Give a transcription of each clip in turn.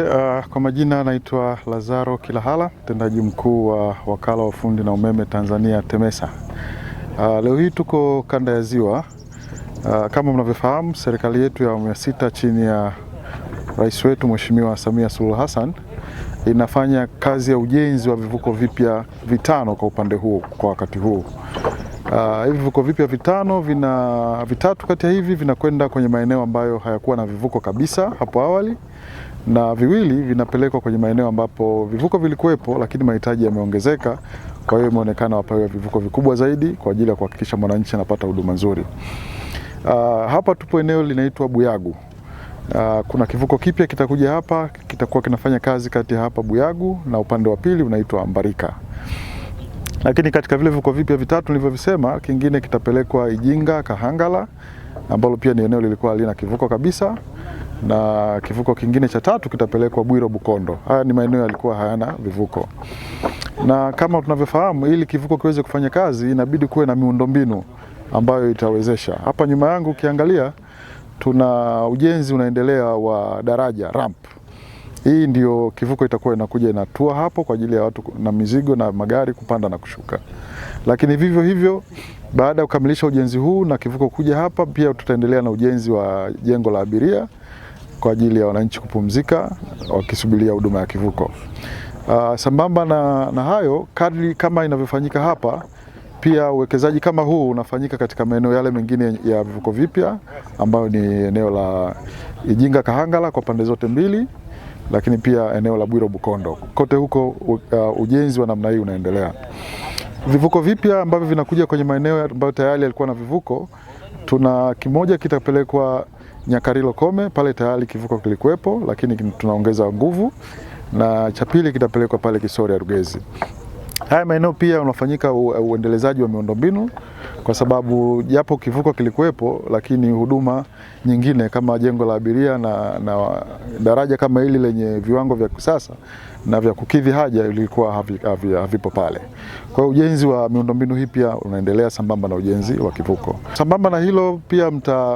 Uh, kwa majina anaitwa Lazaro Kilahala, mtendaji mkuu wa wakala wa ufundi na umeme Tanzania TEMESA. Uh, leo hii tuko kanda ya Ziwa. Uh, kama mnavyofahamu serikali yetu ya awamu ya sita chini ya rais wetu Mheshimiwa Samia Suluhu Hassan inafanya kazi ya ujenzi wa vivuko vipya vitano kwa upande huo kwa wakati huu. Uh, hivi vivuko vipya vitano vina vitatu kati ya hivi vinakwenda kwenye maeneo ambayo hayakuwa na vivuko kabisa hapo awali na viwili vinapelekwa kwenye maeneo ambapo vivuko vilikuwepo, lakini mahitaji yameongezeka. Kwa hiyo imeonekana wapewe vivuko vikubwa zaidi kwa ajili ya kuhakikisha mwananchi anapata huduma nzuri. Uh, hapa tupo eneo linaitwa Buyagu. Uh, kuna kivuko kipya kitakuja hapa, kitakuwa kinafanya kazi kati ya hapa Buyagu na upande wa pili unaitwa Mbarika. Lakini katika vile vivuko vipya vitatu nilivyovisema, kingine kitapelekwa Ijinga Kahangala ambalo pia ni eneo lilikuwa halina kivuko kabisa na kivuko kingine cha tatu kitapelekwa Bwiro Bukondo. Haya ni maeneo yalikuwa hayana vivuko, na kama tunavyofahamu, ili kivuko kiweze kufanya kazi inabidi kuwe na miundombinu ambayo itawezesha. Hapa nyuma yangu ukiangalia, tuna ujenzi unaendelea wa daraja ramp. Hii ndio kivuko itakuwa inakuja inatua hapo kwa ajili ya watu na mizigo na magari kupanda na kushuka. Lakini vivyo hivyo, baada ya kukamilisha ujenzi huu na kivuko kuja hapa, pia tutaendelea na ujenzi wa jengo la abiria kwa ajili ya wananchi kupumzika wakisubiria huduma ya kivuko. Uh, sambamba na, na hayo kadri kama inavyofanyika hapa pia uwekezaji kama huu unafanyika katika maeneo yale mengine ya vivuko vipya ambayo ni eneo la Ijinga Kahangala kwa pande zote mbili, lakini pia eneo la Bwiro Bukondo. Kote huko uh, ujenzi wa namna hii unaendelea. Vivuko vipya ambavyo vinakuja kwenye maeneo ambayo tayari yalikuwa na vivuko, tuna kimoja kitapelekwa Nyakarilo Kome pale tayari kivuko kilikuwepo, lakini tunaongeza nguvu, na cha pili kitapelekwa pale Kisori ya Rugezi. Haya maeneo pia unafanyika uendelezaji wa miundombinu kwa sababu japo kivuko kilikuwepo, lakini huduma nyingine kama jengo la abiria na, na daraja kama hili lenye viwango vya kisasa na vya kukidhi haja ilikuwa havipo havi, havi pale. Kwa hiyo ujenzi wa miundombinu hii pia unaendelea sambamba na ujenzi wa kivuko. Sambamba na hilo pia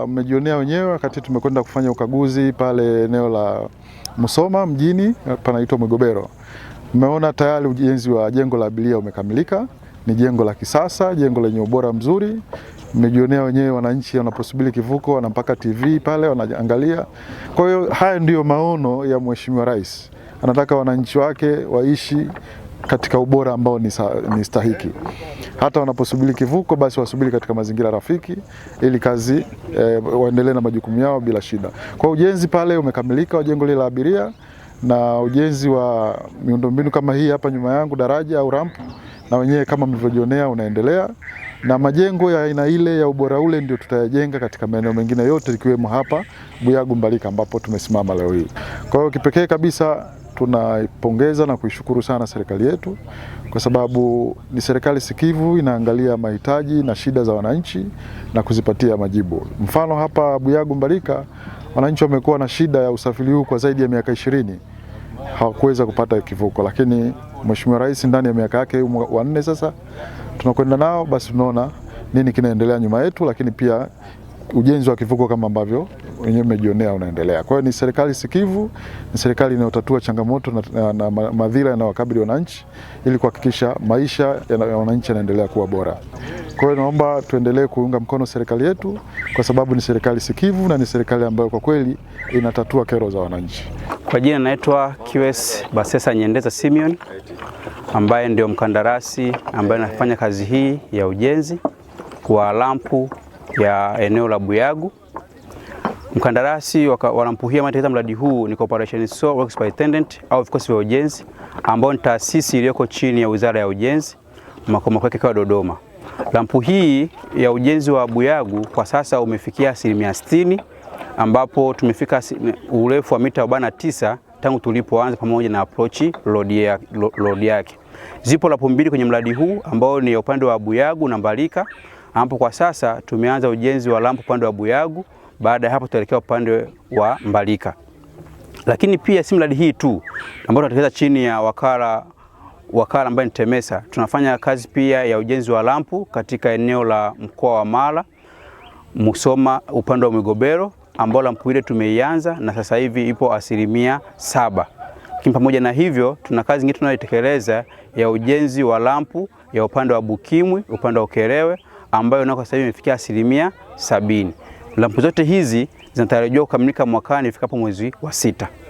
mmejionea wenyewe wakati tumekwenda kufanya ukaguzi pale eneo la Musoma mjini panaitwa Mwigobero Mmeona tayari ujenzi wa jengo la abiria umekamilika. Ni jengo la kisasa, jengo lenye ubora mzuri. Mmejionea wenyewe, wananchi wanaposubiri kivuko wanampaka TV pale wanaangalia. Kwa hiyo haya ndiyo maono ya Mheshimiwa Rais, anataka wananchi wake waishi katika ubora ambao ni, ni stahiki. Hata wanaposubiri kivuko basi wasubiri katika mazingira rafiki, ili kazi eh, waendelee na majukumu yao bila shida. Kwa ujenzi pale umekamilika wa jengo lile la abiria na ujenzi wa miundombinu kama hii hapa nyuma yangu, daraja au ramp, na wenyewe kama mlivyojionea unaendelea, na majengo ya aina ile ya ubora ule ndio tutayajenga katika maeneo mengine yote ikiwemo hapa Buyagu Mbalika ambapo tumesimama leo hii. Kwa hiyo kipekee kabisa tunaipongeza na kuishukuru sana serikali yetu kwa sababu ni serikali sikivu, inaangalia mahitaji na shida za wananchi na kuzipatia majibu. Mfano hapa Buyagu Mbalika wananchi wamekuwa na shida ya usafiri huu kwa zaidi ya miaka ishirini hawakuweza kupata kivuko, lakini Mheshimiwa Rais ndani ya miaka yake wa nne sasa tunakwenda nao, basi tunaona nini kinaendelea nyuma yetu, lakini pia ujenzi wa kivuko kama ambavyo wenyewe mmejionea unaendelea. Kwa hiyo ni serikali sikivu, ni serikali inayotatua changamoto na, na madhira yanayowakabili wananchi ili kuhakikisha maisha ya wananchi yanaendelea kuwa bora. Kwa hiyo naomba tuendelee kuunga mkono serikali yetu kwa sababu ni serikali sikivu na ni serikali ambayo kwa kweli inatatua kero za wananchi. Kwa jina naitwa QS Basesa Nyendeza Simeon ambaye ndio mkandarasi ambaye anafanya kazi hii ya ujenzi wa lampu ya eneo la Buyagu. Mkandarasi wa lampu hii amatekeleza mradi huu ni Corporation Sole Works Superintendent au vikosi vya ujenzi ambao ni taasisi iliyoko chini ya Wizara ya Ujenzi, makao makao yake kwa Dodoma. Lampu hii ya ujenzi wa Buyagu kwa sasa umefikia asilimia 60 ambapo tumefika urefu wa mita arobaini tisa tangu tulipoanza pamoja na approach road yake. Zipo lampu mbili kwenye mradi huu ambao ni upande wa Buyagu na Mbalika, ambapo kwa sasa tumeanza ujenzi wa lampu upande wa Buyagu. Baada ya hapo tutaelekea upande wa Mbalika. Lakini pia si mradi hii tu ambao tunatekeleza chini ya wakala wakala ambaye ni TEMESA tunafanya kazi pia ya ujenzi wa lampu katika eneo la mkoa wa Mara, Musoma, upande wa migobero ambao lampu ile tumeianza na sasa hivi ipo asilimia saba. Lakini pamoja na hivyo, tuna kazi nyingine tunayotekeleza ya ujenzi wa lampu ya upande wa Bukimwi, upande wa Ukerewe, ambayo nako sasa hivi imefikia asilimia sabini. Lampu zote hizi zinatarajiwa kukamilika mwakani ifikapo mwezi wa sita.